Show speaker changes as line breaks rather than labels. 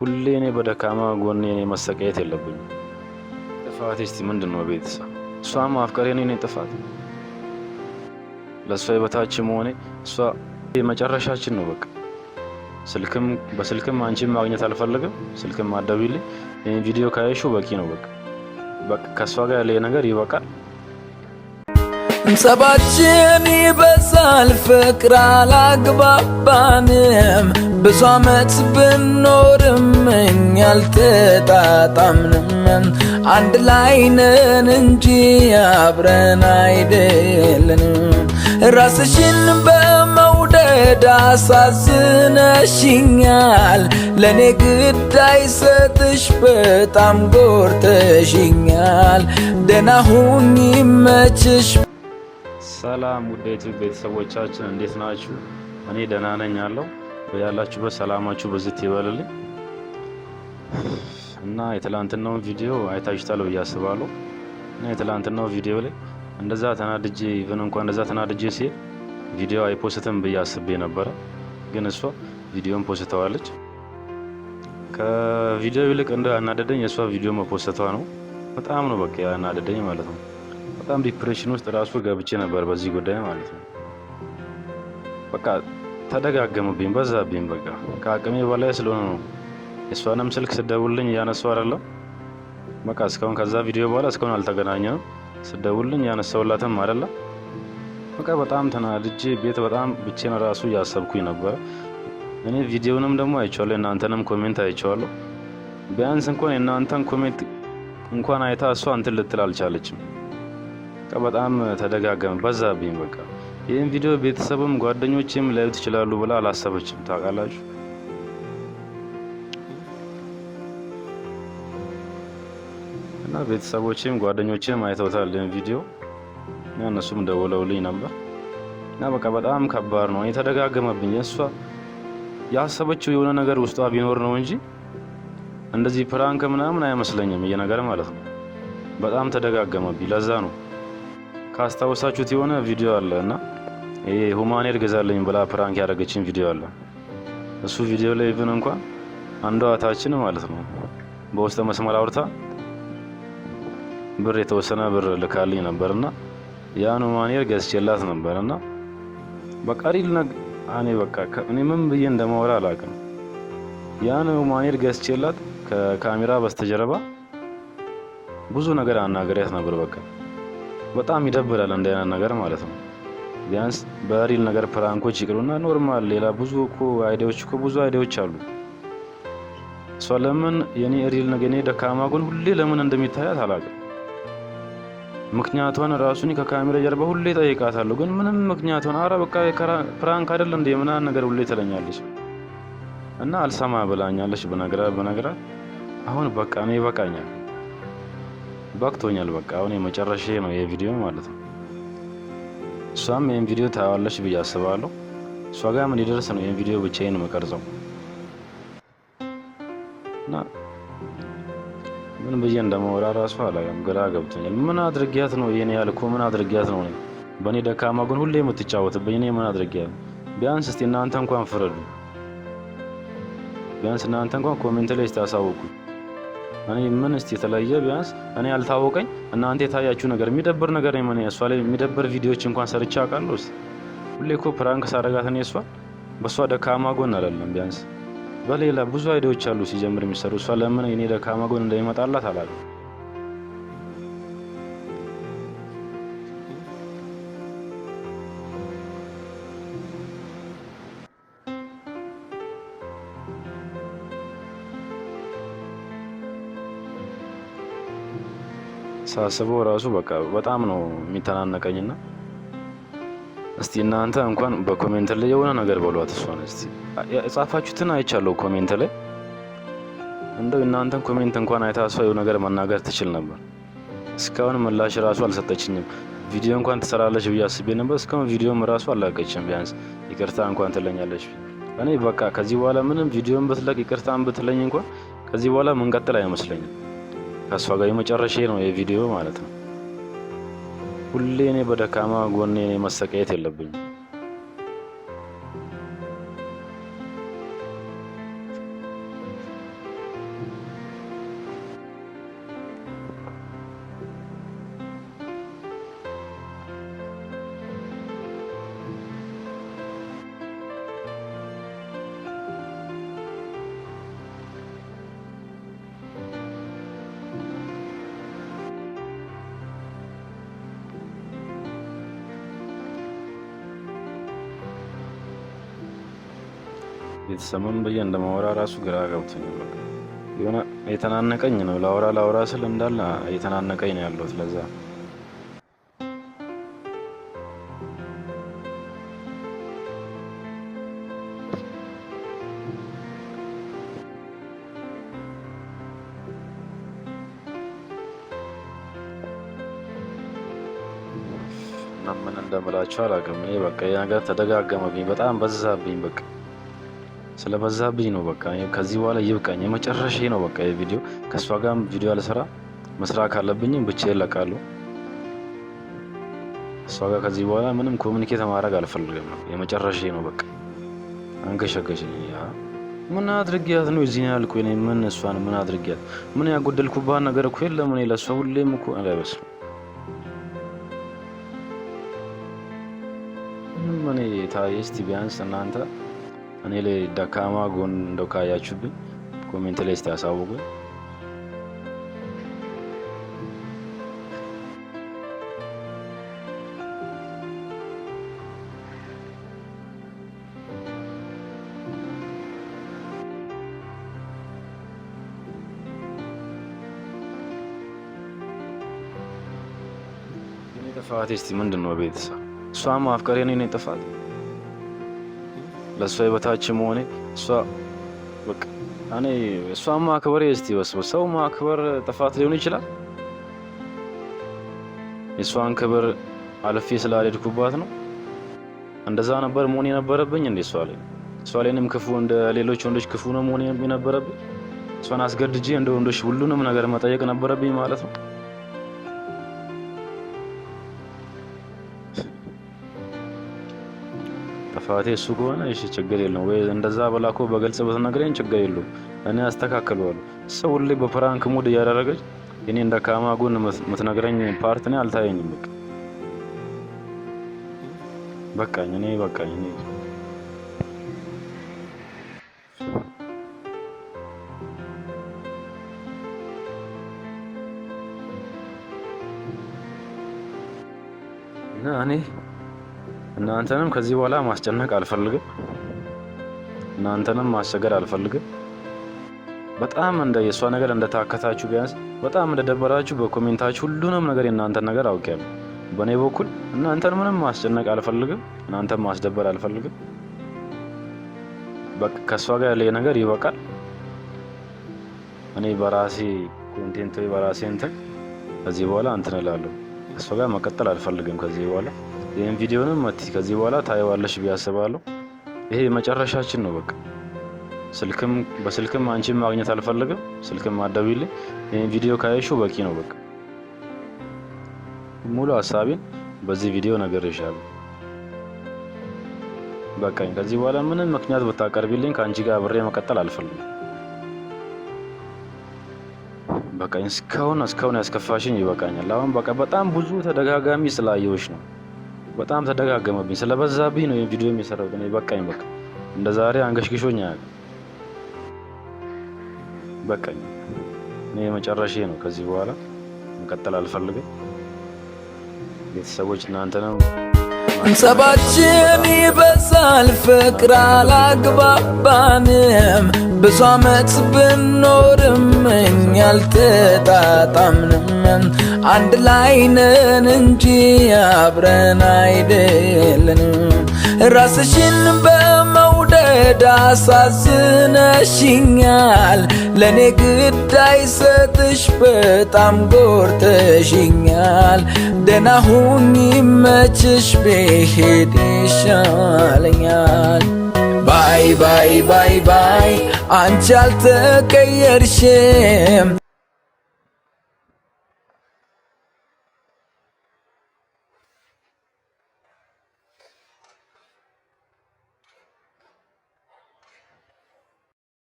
ሁሌ እኔ በደካማ ጎኔ እኔ መሰቃየት የለብኝም። ጥፋት እስቲ ምንድን ነው? ቤተሰብ እሷ ማፍቀሬ እኔ ጥፋት ለእሷ የበታች መሆኔ እሷ የመጨረሻችን ነው በቃ። ስልክም በስልክም አንቺን ማግኘት አልፈለግም። ስልክም አትደውይልኝ። ይህን ቪዲዮ ካየሹ በቂ ነው በቃ በቃ ከእሷ ጋር ያለ ነገር ይበቃል።
እንሰባችን ይበዛል ፍቅር አላግባባንም ብዙ አመት ብኖርም እኛ አልተጣጣምንም። አንድ ላይ ነን እንጂ አብረን አይደለንም። ራስሽን በመውደድ አሳዝነሽኛል። ለእኔ ግዳይ ሰጥሽ በጣም ጎርተሽኛል። ደህና ሁኚ ይመችሽ።
ሰላም ውዴቱ ቤተሰቦቻችን እንዴት ናችሁ? እኔ ደህና ነኝ አለው ያላችሁበት ሰላማችሁ በዝት ይበልልኝ እና የትላንትናውን ቪዲዮ አይታችሁታል ብዬ አስባለሁ። እና የትላንትናው ቪዲዮ ላይ እንደዛ ተናድጄ ይብን እንኳን እንደዛ ተናድጄ ሲል ቪዲዮ አይፖስትም ብዬ አስቤ ነበረ፣ ግን እሷ ቪዲዮን ፖስተዋለች። ከቪዲዮ ይልቅ እንደ አናደደኝ የእሷ ቪዲዮ መፖስተቷ ነው። በጣም ነው በቃ ያናደደኝ ማለት ነው። በጣም ዲፕሬሽን ውስጥ ራሱ ገብቼ ነበር በዚህ ጉዳይ ማለት ነው በቃ ተደጋገሙብኝ፣ በዛብኝ። በቃ ከአቅሜ በላይ ስለሆነ ነው። የእሷንም ስልክ ስደውልኝ እያነሳው አይደለም። በቃ እስካሁን ከዛ ቪዲዮ በኋላ እስካሁን አልተገናኘንም። ስደውልኝ እያነሳውላትም አይደለም። በቃ በጣም ተናድጄ ቤት በጣም ብቼን ራሱ እያሰብኩኝ ነበረ። እኔ ቪዲዮንም ደግሞ አይቼዋለሁ፣ እናንተንም ኮሜንት አይቼዋለሁ። ቢያንስ እንኳን የእናንተን ኮሜንት እንኳን አይታ እሷ እንትን ልትል አልቻለችም። በቃ በጣም ተደጋገመ፣ በዛብኝ በቃ ይህን ቪዲዮ ቤተሰብም ጓደኞችም ላዩት ይችላሉ ብላ አላሰበችም። ታውቃላችሁ እና ቤተሰቦችም ጓደኞችም አይተውታል ይህን ቪዲዮ እና እነሱም ደውለውልኝ ነበር እና በቃ በጣም ከባድ ነው። የተደጋገመብኝ እሷ ያሰበችው የሆነ ነገር ውስጧ ቢኖር ነው እንጂ እንደዚህ ፕራንክ ምናምን አይመስለኝም። እየነገር ማለት ነው በጣም ተደጋገመብኝ። ለዛ ነው ካስታወሳችሁት የሆነ ቪዲዮ አለ እና ይሄ ሁማኔር ገዛለኝ ብላ ፕራንክ ያደረገችን ቪዲዮ አለ። እሱ ቪዲዮ ላይ ብን እንኳን አንዷ እህታችን ማለት ነው በውስጥ መስመር አውርታ ብር የተወሰነ ብር ልካልኝ ነበርና ያን ሁማኔር ገዝቼላት ነበርና በቃ ሪል ነግ እኔ በቃ እኔ ምን ብዬ እንደማወራ አላውቅም። ያን ሁማኔር ገዝቼላት ከካሜራ በስተጀርባ ብዙ ነገር አናገሪያት ነበር። በቃ በጣም ይደብራል እንደ አይነት ነገር ማለት ነው። ቢያንስ በሪል ነገር ፕራንኮች ይቅሩና ኖርማል ሌላ ብዙ እኮ አይዲያዎች እኮ ብዙ አይዲያዎች አሉ። እሷ ለምን የኔ ሪል ነገር የኔ ደካማ ጎን ሁሌ ለምን እንደሚታያት አላውቅም። ምክንያቷን ራሱን ከካሜራ ጀርባ ሁሌ ጠይቃታለሁ፣ ግን ምንም ምክንያቷን አረ በቃ ፕራንክ አይደል እንደ ምናምን ነገር ሁሌ ትለኛለች እና አልሰማ ብላኛለች። በነገራ በነገራ አሁን በቃ ነው ይበቃኛል፣ በቅቶኛል። በቃ አሁን የመጨረሻ ነው የቪዲዮ ማለት ነው። እሷም ይህን ቪዲዮ ታያዋለች ብዬ አስባለሁ። እሷ ምን እንዲደርስ ነው ይህን ቪዲዮ ብቻዬን መቀርጸው እና ምን ብዬ እንደማወራ ራሱ አላውቅም፣ ግራ ገብቶኛል። ምን አድርጊያት ነው ይሄን ያልኩ? ምን አድርጊያት ነው በእኔ ደካማ ጎን ሁሌ የምትጫወትብኝ? እኔ ምን አድርጊያት? ቢያንስ እስቲ እናንተ እንኳን ፍረዱ። ቢያንስ እናንተ እንኳን ኮሜንት ላይ ስታሳውቁኝ እኔ ምን እስቲ የተለየ ቢያንስ እኔ ያልታወቀኝ እናንተ የታያችሁ ነገር የሚደብር ነገር ነው። እሷ ላይ የሚደብር ቪዲዮዎች እንኳን ሰርቼ አውቃለሁ። እስቲ ሁሌ እኮ ፕራንክ ሳረጋት እኔ እሷ በእሷ ደካማ ጎን አይደለም ቢያንስ በሌላ ብዙ አይዲዎች አሉ ሲጀምር የሚሰሩ እሷ ለምን የኔ ደካማ ጎን እንደሚመጣላት አላለም። ሳስበው ራሱ በቃ በጣም ነው የሚተናነቀኝና እስቲ እናንተ እንኳን በኮሜንት ላይ የሆነ ነገር በሏት። እሷን እስቲ የጻፋችሁትን አይቻለሁ ኮሜንት ላይ እንደው እናንተን ኮሜንት እንኳን አይታ ነገር መናገር ትችል ነበር። እስካሁን ምላሽ ራሱ አልሰጠችኝም። ቪዲዮ እንኳን ትሰራለች ብዬ አስቤ ነበር። እስካሁን ቪዲዮም ራሱ አላቀችም። ቢያንስ ይቅርታ እንኳን ትለኛለች። እኔ በቃ ከዚህ በኋላ ምንም ቪዲዮን ብትለቅ ይቅርታን ብትለኝ እንኳን ከዚህ በኋላ መንቀጥል አይመስለኝም። ከእሷ ጋር የመጨረሻ ነው የቪዲዮ ማለት ነው። ሁሌ እኔ በደካማ ጎኔ መሰቃየት የለብኝም። ቤተሰብም ብዬ እንደማወራ ራሱ ግራ ገብቶኛል። የሆነ የተናነቀኝ ነው ላውራ ላውራ ስል እንዳለ የተናነቀኝ ነው ያለሁት ለዛ ምን እንደምላቸው አላውቅም። እኔ በቃ ነገር ተደጋገመብኝ፣ በጣም በዛብኝ በቃ ስለበዛብኝ ነው። በቃ ከዚህ በኋላ ይብቃኝ፣ የመጨረሻ ነው። በቃ የቪዲዮ ከእሷ ጋር ቪዲዮ አልሰራ መስራ ካለብኝም ብቻ ይለቃሉ። እሷ ጋር ከዚህ በኋላ ምንም ኮሚኒኬት ማድረግ አልፈልግም ነው፣ የመጨረሻ ነው። በቃ አንገሸገሸኝ። ምን አድርጊያት ነው እዚህ ያልኩ? ምን እሷን ምን አድርጊያት? ምን ያጎደልኩባት ነገር እኮ የለም። እኔ ለእሷ ሁሌም እኮ አለበስ ምን ታየስቲ ቢያንስ እናንተ እኔ ላይ ደካማ ጎን እንደው ካያችሁብኝ ኮሜንት ላይ እስቲ ያሳውቁኝ። ጥፋቴ እስቲ ምንድን ነው? ቤተሰብ እሷም አፍቀሬ እኔ ጥፋት ለእሷ የበታች መሆኔ እሷ በቃ እኔ እሷ ማክበር እስቲ በስመ ሰው ማክበር ጥፋት ሊሆን ይችላል። የእሷን ክብር አልፌ ስላልሄድኩባት ነው። እንደዛ ነበር መሆን የነበረብኝ እንዴ? እሷ ላይ እሷ ላይንም ክፉ እንደ ሌሎች ወንዶች ክፉ ነው መሆን የነበረብኝ። እሷን አስገድጄ እንደ ወንዶች ሁሉንም ነገር መጠየቅ ነበረብኝ ማለት ነው። ፋቴ እሱ ከሆነ እሺ ችግር የለም ወይ እንደዛ በላኮ በግልጽ ብትነግረኝ ችግር የለው። እኔ አስተካክለዋለሁ። ሰው ሁሌ በፕራንክ ሙድ እያደረገች እኔ እንደ ካማ ጎን የምትነግረኝ ፓርት እኔ አልታየኝም። በቃ በቃኝ፣ እኔ በቃኝ። እኔ እና እኔ እናንተንም ከዚህ በኋላ ማስጨነቅ አልፈልግም። እናንተንም ማስቸገር አልፈልግም። በጣም እንደ የእሷ ነገር እንደታከታችሁ ቢያንስ በጣም እንደደበራችሁ በኮሜንታችሁ ሁሉንም ነገር የእናንተን ነገር አውቄያለሁ። በእኔ በኩል እናንተን ምንም ማስጨነቅ አልፈልግም። እናንተን ማስደበር አልፈልግም። በቃ ከእሷ ጋር ያለ ነገር ይበቃል። እኔ በራሴ ኮንቴንት በራሴ እንትን ከዚህ በኋላ እንትን እላለሁ። ከእሷ ጋር መቀጠል አልፈልግም ከዚህ በኋላ ይህን ቪዲዮንም መቲ ከዚህ በኋላ ታየዋለሽ ብዬ አስባለሁ። ይሄ መጨረሻችን ነው በቃ። ስልክም በስልክም አንቺን ማግኘት አልፈልግም። ስልክም አደቢልኝ። ይህን ቪዲዮ ካየሽው በቂ ነው በቃ። ሙሉ ሀሳቤን በዚህ ቪዲዮ ነግሬሻለሁ። በቃኝ። ከዚህ በኋላ ምንም ምክንያት ብታቀርቢልኝ ከአንቺ ጋር አብሬ መቀጠል አልፈልግም። በቃኝ። እስካሁን እስካሁን ያስከፋሽኝ ይበቃኛል። አሁን በቃ በጣም ብዙ ተደጋጋሚ ስላየሁሽ ነው። በጣም ተደጋገመብኝ። ስለበዛብኝ ነው ቪዲዮ የሚሰራው። እኔ በቃኝ፣ በቃ እንደ ዛሬ አንገሽግሾኝ ያ በቃኝ፣ እኔ መጨረሻ ነው። ከዚህ በኋላ መቀጠል አልፈልግም። ቤተሰቦች እናንተ ነው ሰባችን ይበዛል ፍቅር አላግባባንም ብዙ አመት ብኖርም እኛ አልተጣጣምንም። አንድ ላይ ነን እንጂ አብረን አይደለንም ራስሽን በ አሳዝነሽኛል ለእኔ ግዳይ ሰጥሽ በጣም ጎርተሽኛል። ደህና ሁኚ መችሽ ብሄድ ይሻለኛል። ባይ ባይ ባይ ባይ አንቺ አልተቀየርሽም።